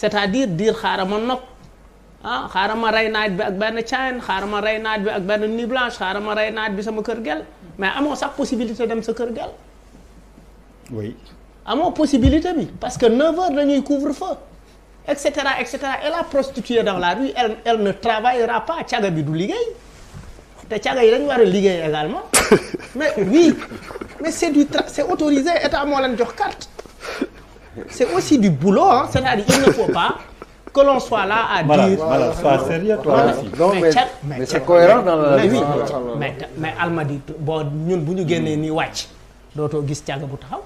c'est-à-dire diir xaaral ma nokk ah xaaral ma rey naaj bi ak benn caayan xaaral ma rey naaj bi ak benn nuit blanche xaaral ma rey naaj bi sama kër gel mais amoo sax possibilité dem sa kër gel oui amoo possibilité bi parce que 9 heures dañuy couvre-feu et cetera et cetera et la prostituée dans la rue elle elle ne travaillera pas caga bi du liggéey te caga yi dañu war a liggéey également mais oui mais c'est du tra c'est autorisé état moo leen jox carte. c'est aussi du boulot hein il ne faut pas que soit là à voilà, dire voilà euh, sois sérieux toi aussi non mais mais c'est la mais oui mais boo ñun bu ñu génnee nii wàcc dootoo gis càgg bu taxaw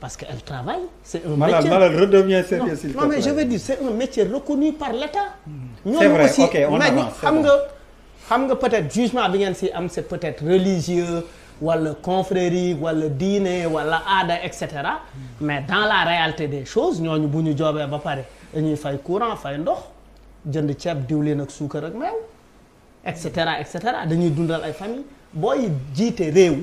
parce que elle travaille c'est un Malal, métier Malal redevient sérieux s'il te plaît non mais je veux dire c'est un métier reconnu par l'État mm. c'est vrai aussi, ok on avance xam nga xam nga peut-être jugement bi ngeen si am c'est peut-être religieux wala confrérie wala diine walla aada et cetera mais dans la réalité des choses ñooñu bu ñu joobee ba pare dañuy fay courant fay ndox jënd ceeb diwlin ak suukar ak meew et cetera et cetera dañuy dundal ay famille booy jiitee réew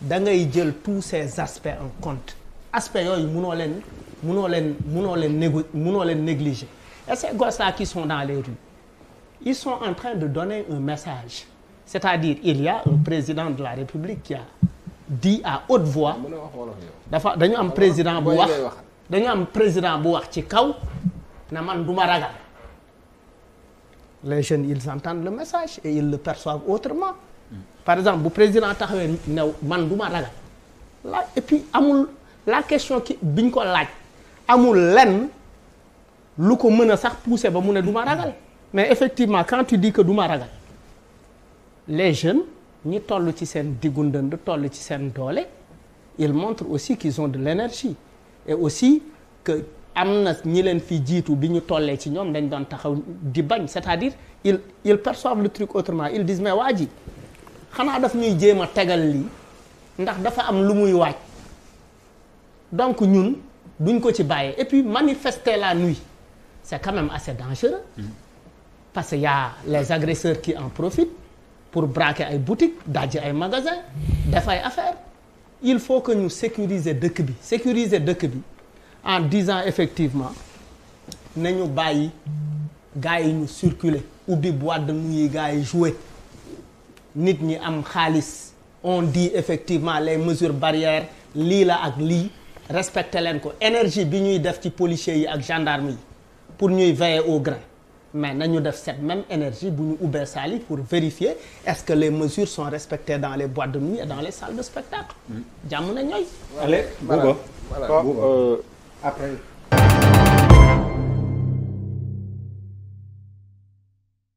da ngay jël tous ces aspects en compte aspects yooyu munoo leen munoo leen munoo leen négo munoo leen négliger et ces gosses là qui sont dans les rues ils sont en train de donner un message c'est-à-dire il y a un président de la République qui a dit à haute voix dafa dañu am président bu wax dañu am président bu wax ci kaw na man du ma ragal les jeunes ils entendent le message et ils le perçoivent autrement par exemple bu président taxawee new man du ma ragal la et puis amul la question ki biñ ko laaj amul lenn lu ko mën a sax pousser ba mu ne du ma ragal mais effectivement quanti tu dis que du ma ragal les jeunes ñi toll ci seen diggu ndënd toll ci seen doole ils montrent aussi qu'ils ont de l'énergie et aussi que am na ñi leen fi jiitu bi ñu tollee ci ñoom dañ doon taxaw di bañ c'est-à-dire ils ils perçoivent le truc autrement ils disent mais waa ji xanaa daf ñuy jéem a tegal lii ndax dafa am lu muy waaj donc ñun duñ ko ci bàyyee et puis manifester la nuit c'est quand même assez dangereux mmh. parce que y les agresseurs qui en profit pour braquer ay boutique dajji ay magasin def ay affaire il faut que ñu sécuriser dëkk bi sécuriser dëkk bi en disant effectivement nañu bàyyi gars yi ñu circuler ubbi boîte de yi gars yi jouer nit ñi am xaalis on dit effectivement les mesures barrières lii la ak lii respecter leen ko énergie bi ñuy def ci policiers yi ak gendarme yi pour ñuy veiller au grain mais nañu def cette même énergie bu ñu ubbee saal pour vérifier est-ce que les mesures sont respectées dans les boîtes de nuit et dans les salles de spectacle mm. jàmm na ñooy allez euh,